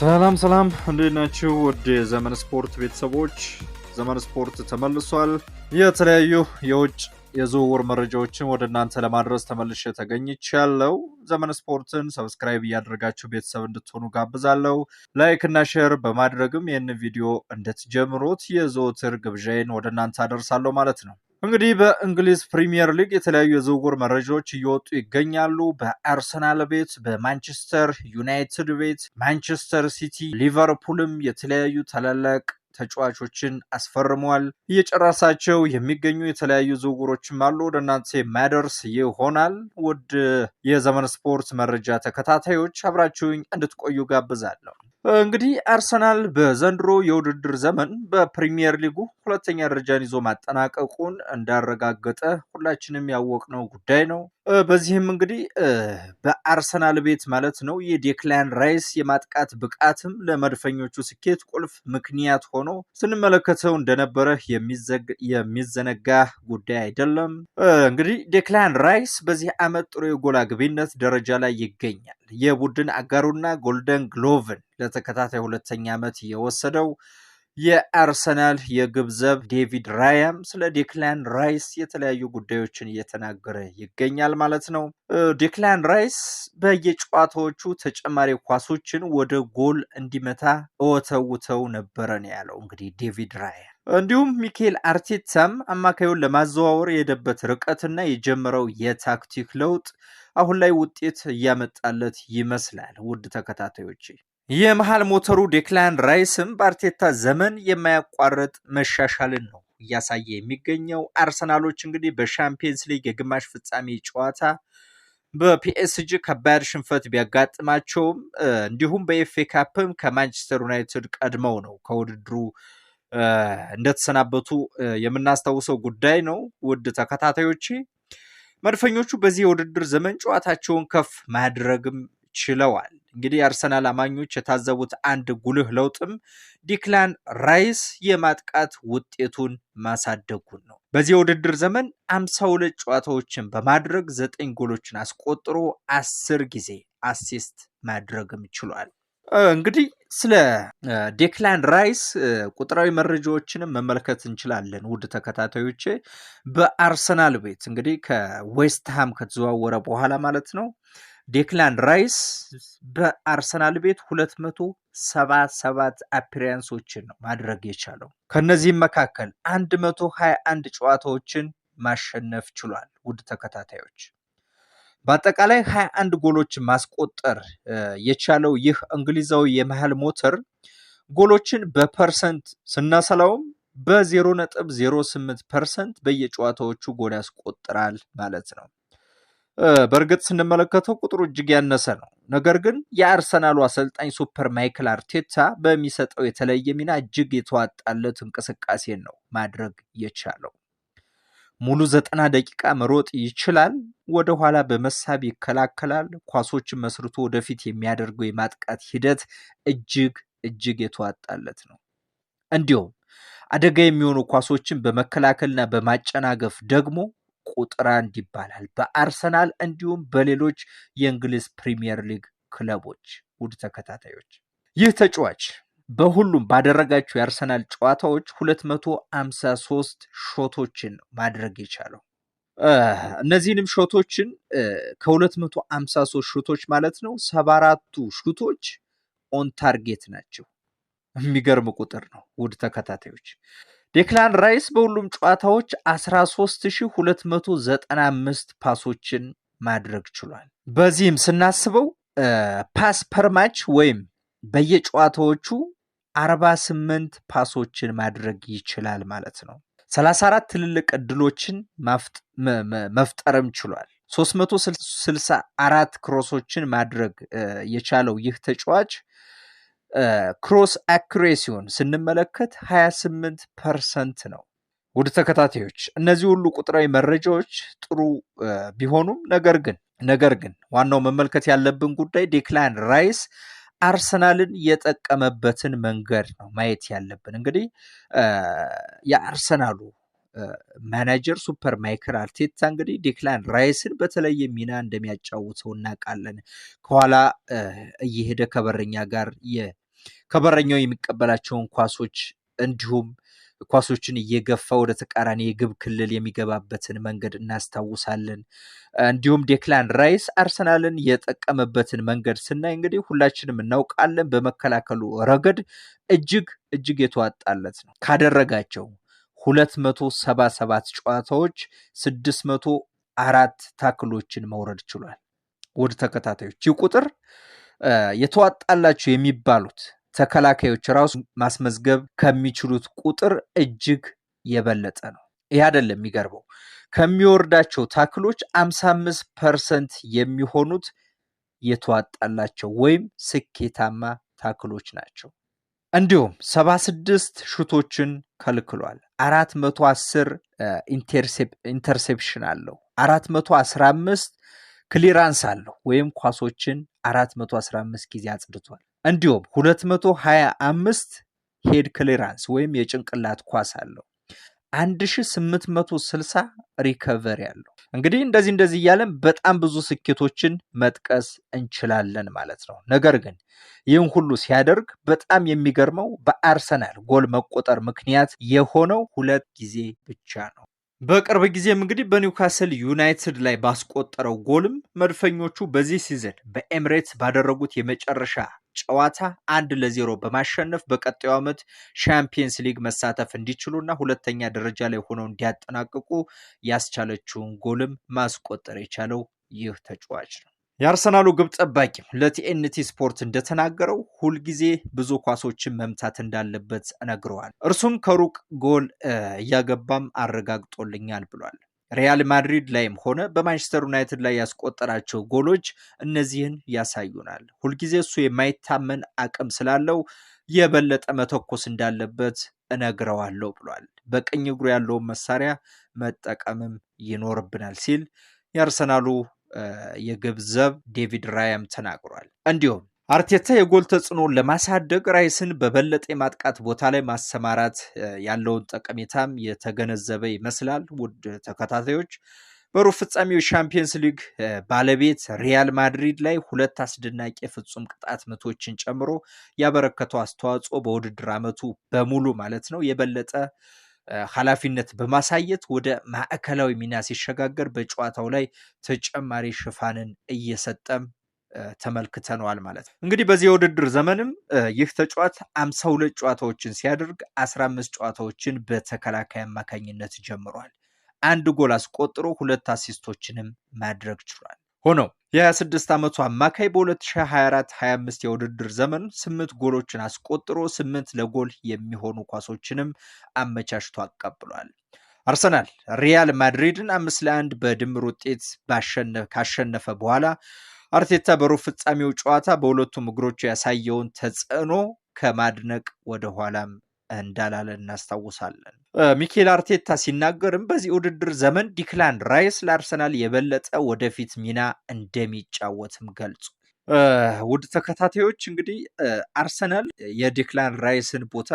ሰላም ሰላም፣ እንዴት ናችሁ? ወደ ዘመን ስፖርት ቤተሰቦች፣ ዘመን ስፖርት ተመልሷል። የተለያዩ የውጭ የዝውውር መረጃዎችን ወደ እናንተ ለማድረስ ተመልሼ ተገኝቻለሁ። ዘመን ስፖርትን ሰብስክራይብ እያደረጋችሁ ቤተሰብ እንድትሆኑ ጋብዛለሁ። ላይክ እና ሼር በማድረግም ይህን ቪዲዮ እንድትጀምሩት የዘወትር ግብዣዬን ወደ እናንተ አደርሳለሁ ማለት ነው። እንግዲህ በእንግሊዝ ፕሪሚየር ሊግ የተለያዩ የዝውውር መረጃዎች እየወጡ ይገኛሉ። በአርሰናል ቤት፣ በማንቸስተር ዩናይትድ ቤት፣ ማንቸስተር ሲቲ፣ ሊቨርፑልም የተለያዩ ታላላቅ ተጫዋቾችን አስፈርመዋል። እየጨረሳቸው የሚገኙ የተለያዩ ዝውውሮችም አሉ። ወደ እናንተ ማደርስ ይሆናል። ውድ የዘመን ስፖርት መረጃ ተከታታዮች አብራችሁኝ እንድትቆዩ ጋብዛለሁ። እንግዲህ አርሰናል በዘንድሮ የውድድር ዘመን በፕሪሚየር ሊጉ ሁለተኛ ደረጃን ይዞ ማጠናቀቁን እንዳረጋገጠ ሁላችንም ያወቅነው ጉዳይ ነው። በዚህም እንግዲህ በአርሰናል ቤት ማለት ነው የዴክላን ራይስ የማጥቃት ብቃትም ለመድፈኞቹ ስኬት ቁልፍ ምክንያት ሆኖ ስንመለከተው እንደነበረ የሚዘነጋ ጉዳይ አይደለም። እንግዲህ ዴክላን ራይስ በዚህ ዓመት ጥሩ የጎል አግቢነት ደረጃ ላይ ይገኛል። የቡድን አጋሩና ጎልደን ግሎቭን ለተከታታይ ሁለተኛ ዓመት የወሰደው የአርሰናል የግብ ዘብ ዴቪድ ራያም ስለ ዴክላን ራይስ የተለያዩ ጉዳዮችን እየተናገረ ይገኛል ማለት ነው። ዴክላን ራይስ በየጨዋታዎቹ ተጨማሪ ኳሶችን ወደ ጎል እንዲመታ እወተውተው ነበረ ነው ያለው እንግዲህ ዴቪድ ራያ። እንዲሁም ሚኬል አርቴታም አማካዩን ለማዘዋወር የሄደበት ርቀትና የጀመረው የታክቲክ ለውጥ አሁን ላይ ውጤት እያመጣለት ይመስላል። ውድ ተከታታዮች የመሃል ሞተሩ ዴክላን ራይስም በአርቴታ ዘመን የማያቋርጥ መሻሻልን ነው እያሳየ የሚገኘው። አርሰናሎች እንግዲህ በሻምፒየንስ ሊግ የግማሽ ፍጻሜ ጨዋታ በፒኤስጂ ከባድ ሽንፈት ቢያጋጥማቸውም እንዲሁም በኤፌ ካፕም ከማንቸስተር ዩናይትድ ቀድመው ነው ከውድድሩ እንደተሰናበቱ የምናስታውሰው ጉዳይ ነው። ውድ ተከታታዮቼ መድፈኞቹ በዚህ የውድድር ዘመን ጨዋታቸውን ከፍ ማድረግም ችለዋል። እንግዲህ የአርሰናል አማኞች የታዘቡት አንድ ጉልህ ለውጥም ዲክላን ራይስ የማጥቃት ውጤቱን ማሳደጉን ነው። በዚህ የውድድር ዘመን አምሳ ሁለት ጨዋታዎችን በማድረግ ዘጠኝ ጎሎችን አስቆጥሮ አስር ጊዜ አሲስት ማድረግም ችሏል። እንግዲህ ስለ ዴክላን ራይስ ቁጥራዊ መረጃዎችንም መመልከት እንችላለን። ውድ ተከታታዮቼ በአርሰናል ቤት እንግዲህ ከዌስትሃም ከተዘዋወረ በኋላ ማለት ነው ዴክላን ራይስ በአርሰናል ቤት 277 አፒሪያንሶችን ነው ማድረግ የቻለው። ከነዚህም መካከል 121 ጨዋታዎችን ማሸነፍ ችሏል። ውድ ተከታታዮች በአጠቃላይ 21 ጎሎችን ማስቆጠር የቻለው ይህ እንግሊዛዊ የመሃል ሞተር ጎሎችን በፐርሰንት ስናሰላውም በ0.08 ፐርሰንት በየጨዋታዎቹ ጎል ያስቆጥራል ማለት ነው። በእርግጥ ስንመለከተው ቁጥሩ እጅግ ያነሰ ነው። ነገር ግን የአርሰናሉ አሰልጣኝ ሱፐር ማይክል አርቴታ በሚሰጠው የተለየ ሚና እጅግ የተዋጣለት እንቅስቃሴን ነው ማድረግ የቻለው። ሙሉ ዘጠና ደቂቃ መሮጥ ይችላል። ወደ ኋላ በመሳብ ይከላከላል። ኳሶችን መስርቶ ወደፊት የሚያደርገው የማጥቃት ሂደት እጅግ እጅግ የተዋጣለት ነው። እንዲሁም አደጋ የሚሆኑ ኳሶችን በመከላከልና በማጨናገፍ ደግሞ ቁጥር አንድ ይባላል በአርሰናል እንዲሁም በሌሎች የእንግሊዝ ፕሪሚየር ሊግ ክለቦች። ውድ ተከታታዮች ይህ ተጫዋች በሁሉም ባደረጋቸው የአርሰናል ጨዋታዎች 253 ሾቶችን ማድረግ የቻለው እነዚህንም ሾቶችን ከ253 ሹቶች ማለት ነው 74ቱ ሹቶች ኦን ታርጌት ናቸው። የሚገርም ቁጥር ነው። ውድ ተከታታዮች ዴክላን ራይስ በሁሉም ጨዋታዎች 13295 ፓሶችን ማድረግ ችሏል። በዚህም ስናስበው ፓስ ፐርማች ወይም በየጨዋታዎቹ 48 ፓሶችን ማድረግ ይችላል ማለት ነው። 34 ትልልቅ እድሎችን መፍጠርም ችሏል። 364 ክሮሶችን ማድረግ የቻለው ይህ ተጫዋች ክሮስ አኩሬሲውን ስንመለከት 28 ፐርሰንት ነው። ውድ ተከታታዮች እነዚህ ሁሉ ቁጥራዊ መረጃዎች ጥሩ ቢሆኑም ነገር ግን ነገር ግን ዋናው መመልከት ያለብን ጉዳይ ዴክላን ራይስ አርሰናልን የጠቀመበትን መንገድ ነው ማየት ያለብን። እንግዲህ የአርሰናሉ ማናጀር ሱፐር ማይክል አርቴታ እንግዲህ ዴክላን ራይስን በተለየ ሚና እንደሚያጫውተው እናውቃለን። ከኋላ እየሄደ ከበረኛ ጋር ከበረኛው የሚቀበላቸውን ኳሶች እንዲሁም ኳሶችን እየገፋ ወደ ተቃራኒ የግብ ክልል የሚገባበትን መንገድ እናስታውሳለን። እንዲሁም ዴክላን ራይስ አርሰናልን የጠቀመበትን መንገድ ስናይ እንግዲህ ሁላችንም እናውቃለን። በመከላከሉ ረገድ እጅግ እጅግ የተዋጣለት ነው። ካደረጋቸው 277 ጨዋታዎች 604 ታክሎችን መውረድ ችሏል። ወደ ተከታታዮች ይህ ቁጥር የተዋጣላቸው የሚባሉት ተከላካዮች ራሱ ማስመዝገብ ከሚችሉት ቁጥር እጅግ የበለጠ ነው። ይህ አይደለም የሚገርመው፣ ከሚወርዳቸው ታክሎች 55 ፐርሰንት የሚሆኑት የተዋጣላቸው ወይም ስኬታማ ታክሎች ናቸው። እንዲሁም 76 ሹቶችን ከልክሏል። 410 ኢንተርሴፕሽን አለው። 415 ክሊራንስ አለው ወይም ኳሶችን 415 ጊዜ አጽድቷል። እንዲሁም 225 ሄድ ክሊራንስ ወይም የጭንቅላት ኳስ አለው። 1860 ሪከቨሪ አለው። እንግዲህ እንደዚህ እንደዚህ እያለን በጣም ብዙ ስኬቶችን መጥቀስ እንችላለን ማለት ነው። ነገር ግን ይህን ሁሉ ሲያደርግ በጣም የሚገርመው በአርሰናል ጎል መቆጠር ምክንያት የሆነው ሁለት ጊዜ ብቻ ነው። በቅርብ ጊዜም እንግዲህ በኒውካስል ዩናይትድ ላይ ባስቆጠረው ጎልም መድፈኞቹ በዚህ ሲዝን በኤምሬትስ ባደረጉት የመጨረሻ ጨዋታ አንድ ለዜሮ በማሸነፍ በቀጣዩ ዓመት ሻምፒየንስ ሊግ መሳተፍ እንዲችሉ እና ሁለተኛ ደረጃ ላይ ሆነው እንዲያጠናቅቁ ያስቻለችውን ጎልም ማስቆጠር የቻለው ይህ ተጫዋች ነው። የአርሰናሉ ግብ ጠባቂ ለቲኤንቲ ስፖርት እንደተናገረው ሁልጊዜ ብዙ ኳሶችን መምታት እንዳለበት ነግረዋል። እርሱም ከሩቅ ጎል እያገባም አረጋግጦልኛል ብሏል። ሪያል ማድሪድ ላይም ሆነ በማንቸስተር ዩናይትድ ላይ ያስቆጠራቸው ጎሎች እነዚህን ያሳዩናል። ሁልጊዜ እሱ የማይታመን አቅም ስላለው የበለጠ መተኮስ እንዳለበት እነግረዋለሁ ብሏል። በቀኝ እግሩ ያለውን መሳሪያ መጠቀምም ይኖርብናል ሲል የአርሰናሉ የግብዘብ ዴቪድ ራያም ተናግሯል። እንዲሁም አርቴታ የጎል ተጽዕኖ ለማሳደግ ራይስን በበለጠ የማጥቃት ቦታ ላይ ማሰማራት ያለውን ጠቀሜታም የተገነዘበ ይመስላል። ውድ ተከታታዮች በሩብ ፍጻሜው የሻምፒየንስ ሊግ ባለቤት ሪያል ማድሪድ ላይ ሁለት አስደናቂ የፍጹም ቅጣት ምቶችን ጨምሮ ያበረከተው አስተዋጽኦ በውድድር ዓመቱ በሙሉ ማለት ነው የበለጠ ኃላፊነት በማሳየት ወደ ማዕከላዊ ሚና ሲሸጋገር በጨዋታው ላይ ተጨማሪ ሽፋንን እየሰጠም ተመልክተነዋል ማለት ነው። እንግዲህ በዚህ የውድድር ዘመንም ይህ ተጫዋት አምሳ ሁለት ጨዋታዎችን ሲያደርግ አስራ አምስት ጨዋታዎችን በተከላካይ አማካኝነት ጀምሯል። አንድ ጎል አስቆጥሮ ሁለት አሲስቶችንም ማድረግ ችሏል። ሆነው የ26 ዓመቱ አማካይ በ2024-25 የውድድር ዘመን ስምንት ጎሎችን አስቆጥሮ ስምንት ለጎል የሚሆኑ ኳሶችንም አመቻችቶ አቀብሏል። አርሰናል ሪያል ማድሪድን አምስት ለአንድ በድምር ውጤት ካሸነፈ በኋላ አርቴታ በሩብ ፍጻሜው ጨዋታ በሁለቱም እግሮቹ ያሳየውን ተጽዕኖ ከማድነቅ ወደኋላም እንዳላለ እናስታውሳለን። ሚኬል አርቴታ ሲናገርም በዚህ ውድድር ዘመን ዲክላን ራይስ ለአርሰናል የበለጠ ወደፊት ሚና እንደሚጫወትም ገልጹ። ውድ ተከታታዮች እንግዲህ አርሰናል የዲክላን ራይስን ቦታ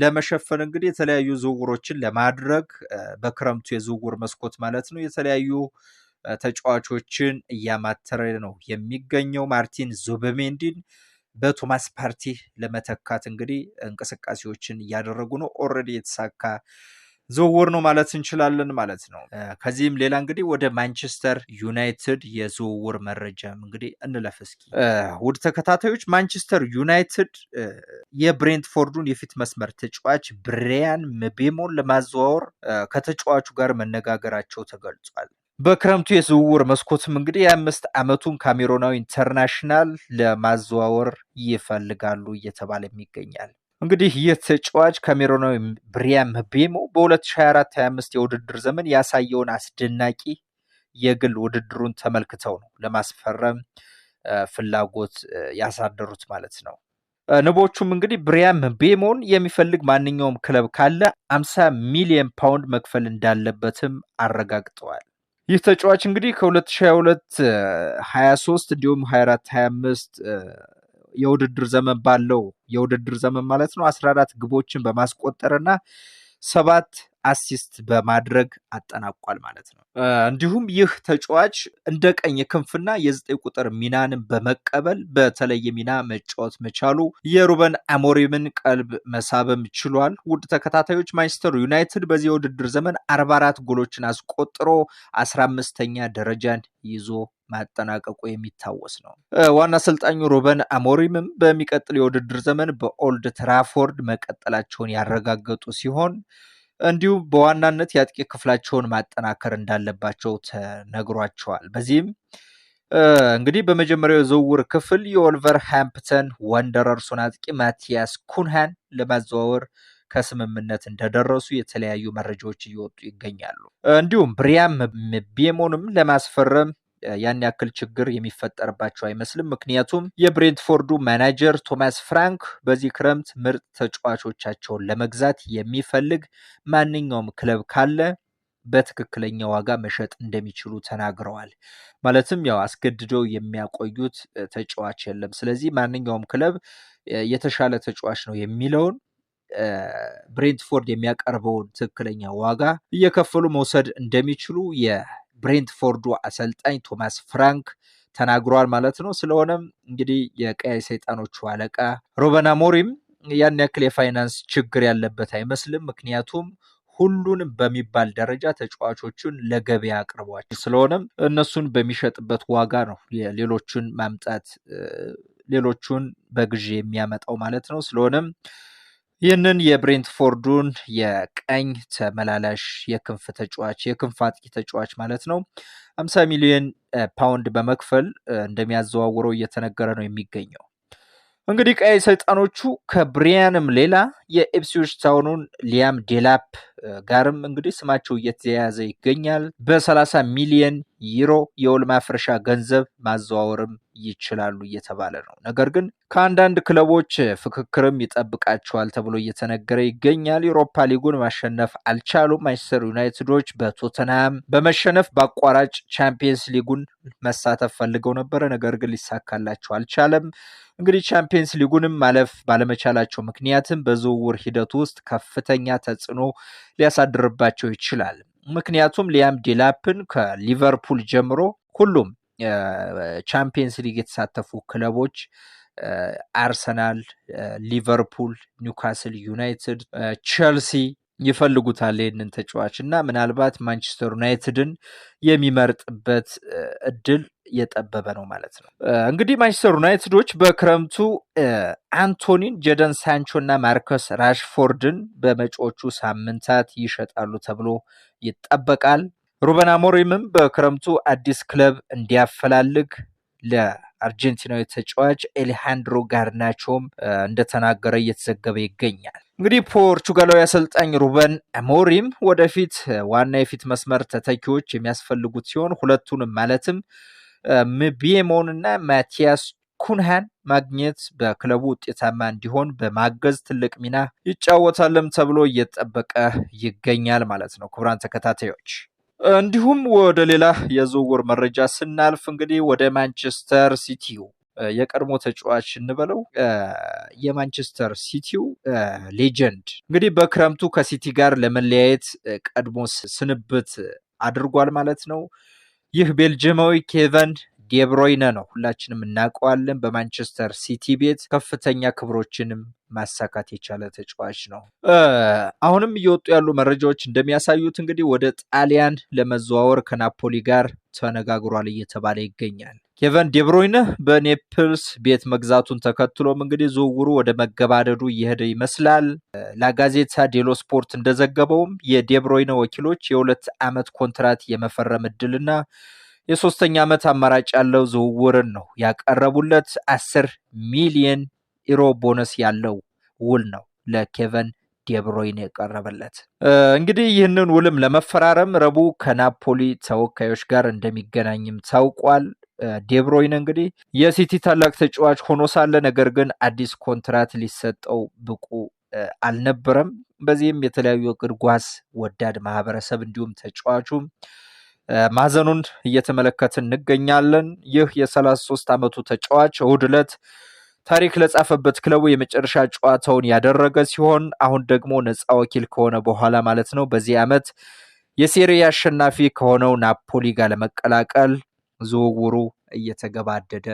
ለመሸፈን እንግዲህ የተለያዩ ዝውውሮችን ለማድረግ በክረምቱ የዝውውር መስኮት ማለት ነው የተለያዩ ተጫዋቾችን እያማተረ ነው የሚገኘው ማርቲን ዙብሜንዲን በቶማስ ፓርቲ ለመተካት እንግዲህ እንቅስቃሴዎችን እያደረጉ ነው። ኦልሬዲ የተሳካ ዝውውር ነው ማለት እንችላለን ማለት ነው። ከዚህም ሌላ እንግዲህ ወደ ማንቸስተር ዩናይትድ የዝውውር መረጃም እንግዲህ እንለፍ እስኪ። ውድ ተከታታዮች ማንቸስተር ዩናይትድ የብሬንትፎርዱን የፊት መስመር ተጫዋች ብሪያን ምቤሞን ለማዘዋወር ከተጫዋቹ ጋር መነጋገራቸው ተገልጿል። በክረምቱ የዝውውር መስኮትም እንግዲህ የአምስት ዓመቱን ካሜሮናዊ ኢንተርናሽናል ለማዘዋወር ይፈልጋሉ እየተባለ ይገኛል። እንግዲህ ይህ ተጫዋች ካሜሮናዊ ብሪያም ቤሞ በ2024/25 የውድድር ዘመን ያሳየውን አስደናቂ የግል ውድድሩን ተመልክተው ነው ለማስፈረም ፍላጎት ያሳደሩት ማለት ነው። ንቦቹም እንግዲህ ብሪያም ቤሞን የሚፈልግ ማንኛውም ክለብ ካለ 50 ሚሊዮን ፓውንድ መክፈል እንዳለበትም አረጋግጠዋል። ይህ ተጫዋች እንግዲህ ከ2022 23 እንዲሁም 24 25 የውድድር ዘመን ባለው የውድድር ዘመን ማለት ነው 14 ግቦችን በማስቆጠርና ሰባት አሲስት በማድረግ አጠናቋል ማለት ነው። እንዲሁም ይህ ተጫዋች እንደ ቀኝ ክንፍና የዘጠኝ ቁጥር ሚናንም በመቀበል በተለየ ሚና መጫወት መቻሉ የሩበን አሞሪምን ቀልብ መሳብም ችሏል። ውድ ተከታታዮች ማንችስተር ዩናይትድ በዚህ የውድድር ዘመን 44 ጎሎችን አስቆጥሮ 15ተኛ ደረጃን ይዞ ማጠናቀቁ የሚታወስ ነው። ዋና አሰልጣኙ ሩበን አሞሪምም በሚቀጥል የውድድር ዘመን በኦልድ ትራፎርድ መቀጠላቸውን ያረጋገጡ ሲሆን እንዲሁም በዋናነት የአጥቂ ክፍላቸውን ማጠናከር እንዳለባቸው ተነግሯቸዋል። በዚህም እንግዲህ በመጀመሪያው የዝውውር ክፍል የኦልቨር ሃምፕተን ወንደረርሱን አጥቂ ማቲያስ ኩንሃን ለማዘዋወር ከስምምነት እንደደረሱ የተለያዩ መረጃዎች እየወጡ ይገኛሉ። እንዲሁም ብሪያም ቤሞንም ለማስፈረም ያን ያክል ችግር የሚፈጠርባቸው አይመስልም። ምክንያቱም የብሬንትፎርዱ ማናጀር ቶማስ ፍራንክ በዚህ ክረምት ምርጥ ተጫዋቾቻቸውን ለመግዛት የሚፈልግ ማንኛውም ክለብ ካለ በትክክለኛ ዋጋ መሸጥ እንደሚችሉ ተናግረዋል። ማለትም ያው አስገድደው የሚያቆዩት ተጫዋች የለም። ስለዚህ ማንኛውም ክለብ የተሻለ ተጫዋች ነው የሚለውን ብሬንትፎርድ የሚያቀርበውን ትክክለኛ ዋጋ እየከፈሉ መውሰድ እንደሚችሉ ብሬንትፎርዱ አሰልጣኝ ቶማስ ፍራንክ ተናግረዋል ማለት ነው። ስለሆነም እንግዲህ የቀያይ ሰይጣኖቹ አለቃ ሩበን አሞሪም ያን ያክል የፋይናንስ ችግር ያለበት አይመስልም። ምክንያቱም ሁሉንም በሚባል ደረጃ ተጫዋቾቹን ለገበያ አቅርቧቸው ስለሆነም እነሱን በሚሸጥበት ዋጋ ነው ሌሎቹን ማምጣት ሌሎቹን በግዢ የሚያመጣው ማለት ነው። ስለሆነም ይህንን የብሬንትፎርዱን የቀኝ ተመላላሽ የክንፍ ተጫዋች የክንፍ አጥቂ ተጫዋች ማለት ነው 50 ሚሊዮን ፓውንድ በመክፈል እንደሚያዘዋውረው እየተነገረ ነው የሚገኘው። እንግዲህ ቀይ ሰይጣኖቹ ከብሪያንም ሌላ የኢፕስዊች ታውኑን ሊያም ዴላፕ ጋርም እንግዲህ ስማቸው እየተያያዘ ይገኛል። በሰላሳ ሚሊየን ዩሮ የውል ማፍረሻ ገንዘብ ማዘዋወርም ይችላሉ እየተባለ ነው። ነገር ግን ከአንዳንድ ክለቦች ፍክክርም ይጠብቃቸዋል ተብሎ እየተነገረ ይገኛል። ዩሮፓ ሊጉን ማሸነፍ አልቻሉም። ማንቸስተር ዩናይትዶች በቶተንሃም በመሸነፍ በአቋራጭ ቻምፒየንስ ሊጉን መሳተፍ ፈልገው ነበረ፣ ነገር ግን ሊሳካላቸው አልቻለም። እንግዲህ ቻምፒየንስ ሊጉንም ማለፍ ባለመቻላቸው ምክንያትም በዝውውር ሂደቱ ውስጥ ከፍተኛ ተጽዕኖ ሊያሳድርባቸው ይችላል። ምክንያቱም ሊያም ዲላፕን ከሊቨርፑል ጀምሮ ሁሉም ቻምፒየንስ ሊግ የተሳተፉ ክለቦች አርሰናል፣ ሊቨርፑል፣ ኒውካስል ዩናይትድ፣ ቼልሲ ይፈልጉታል ይህንን ተጫዋች እና ምናልባት ማንቸስተር ዩናይትድን የሚመርጥበት እድል የጠበበ ነው ማለት ነው። እንግዲህ ማንቸስተር ዩናይትዶች በክረምቱ አንቶኒን፣ ጀደን ሳንቾ እና ማርከስ ራሽፎርድን በመጪዎቹ ሳምንታት ይሸጣሉ ተብሎ ይጠበቃል። ሩበን አሞሪምም በክረምቱ አዲስ ክለብ እንዲያፈላልግ ለአርጀንቲናዊ ተጫዋች ኤሌሃንድሮ ጋርናቾም እንደተናገረ እየተዘገበ ይገኛል። እንግዲህ ፖርቹጋላዊ አሰልጣኝ ሩበን አሞሪም ወደፊት ዋና የፊት መስመር ተተኪዎች የሚያስፈልጉት ሲሆን ሁለቱንም ማለትም እና ማቲያስ ኩንሃን ማግኘት በክለቡ ውጤታማ እንዲሆን በማገዝ ትልቅ ሚና ይጫወታልም ተብሎ እየተጠበቀ ይገኛል ማለት ነው። ክቡራን ተከታታዮች እንዲሁም ወደ ሌላ የዝውውር መረጃ ስናልፍ እንግዲህ ወደ ማንቸስተር ሲቲው የቀድሞ ተጫዋች እንበለው የማንቸስተር ሲቲው ሌጀንድ እንግዲህ በክረምቱ ከሲቲ ጋር ለመለያየት ቀድሞ ስንብት አድርጓል ማለት ነው። ይህ ቤልጅማዊ ኬቨን ዴብሮይነ ነው። ሁላችንም እናውቀዋለን። በማንቸስተር ሲቲ ቤት ከፍተኛ ክብሮችንም ማሳካት የቻለ ተጫዋች ነው። አሁንም እየወጡ ያሉ መረጃዎች እንደሚያሳዩት እንግዲህ ወደ ጣሊያን ለመዘዋወር ከናፖሊ ጋር ተነጋግሯል እየተባለ ይገኛል። ኬቨን ዴብሮይነ በኔፕልስ ቤት መግዛቱን ተከትሎም እንግዲህ ዝውውሩ ወደ መገባደዱ እየሄደ ይመስላል። ላጋዜታ ዴሎ ስፖርት እንደዘገበውም የዴብሮይነ ወኪሎች የሁለት ዓመት ኮንትራት የመፈረም እድልና የሶስተኛ ዓመት አማራጭ ያለው ዝውውርን ነው ያቀረቡለት። አስር ሚሊየን ኢሮ ቦነስ ያለው ውል ነው ለኬቨን ዴብሮይን የቀረበለት። እንግዲህ ይህንን ውልም ለመፈራረም ረቡዕ ከናፖሊ ተወካዮች ጋር እንደሚገናኝም ታውቋል። ዴብሮይን እንግዲህ የሲቲ ታላቅ ተጫዋች ሆኖ ሳለ ነገር ግን አዲስ ኮንትራት ሊሰጠው ብቁ አልነበረም። በዚህም የተለያዩ እግር ኳስ ወዳድ ማህበረሰብ እንዲሁም ተጫዋቹ ማዘኑን እየተመለከትን እንገኛለን። ይህ የ33 ዓመቱ ተጫዋች እሁድ ዕለት ታሪክ ለጻፈበት ክለቡ የመጨረሻ ጨዋታውን ያደረገ ሲሆን አሁን ደግሞ ነፃ ወኪል ከሆነ በኋላ ማለት ነው በዚህ ዓመት የሴሪ አሸናፊ ከሆነው ናፖሊ ጋር ለመቀላቀል ዝውውሩ እየተገባደደ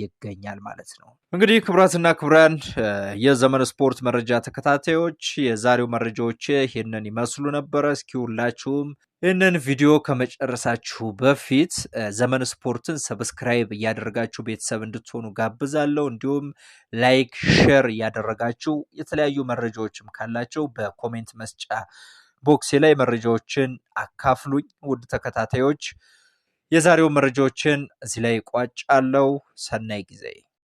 ይገኛል ማለት ነው። እንግዲህ ክቡራትና ክቡራን የዘመን ስፖርት መረጃ ተከታታዮች የዛሬው መረጃዎች ይህንን ይመስሉ ነበረ። እስኪ ሁላችሁም ይህንን ቪዲዮ ከመጨረሳችሁ በፊት ዘመን ስፖርትን ሰብስክራይብ እያደረጋችሁ ቤተሰብ እንድትሆኑ ጋብዛለሁ። እንዲሁም ላይክ፣ ሼር እያደረጋችሁ የተለያዩ መረጃዎችም ካላቸው በኮሜንት መስጫ ቦክሴ ላይ መረጃዎችን አካፍሉኝ። ውድ ተከታታዮች የዛሬው መረጃዎችን እዚህ ላይ ቋጫለው። ሰናይ ጊዜ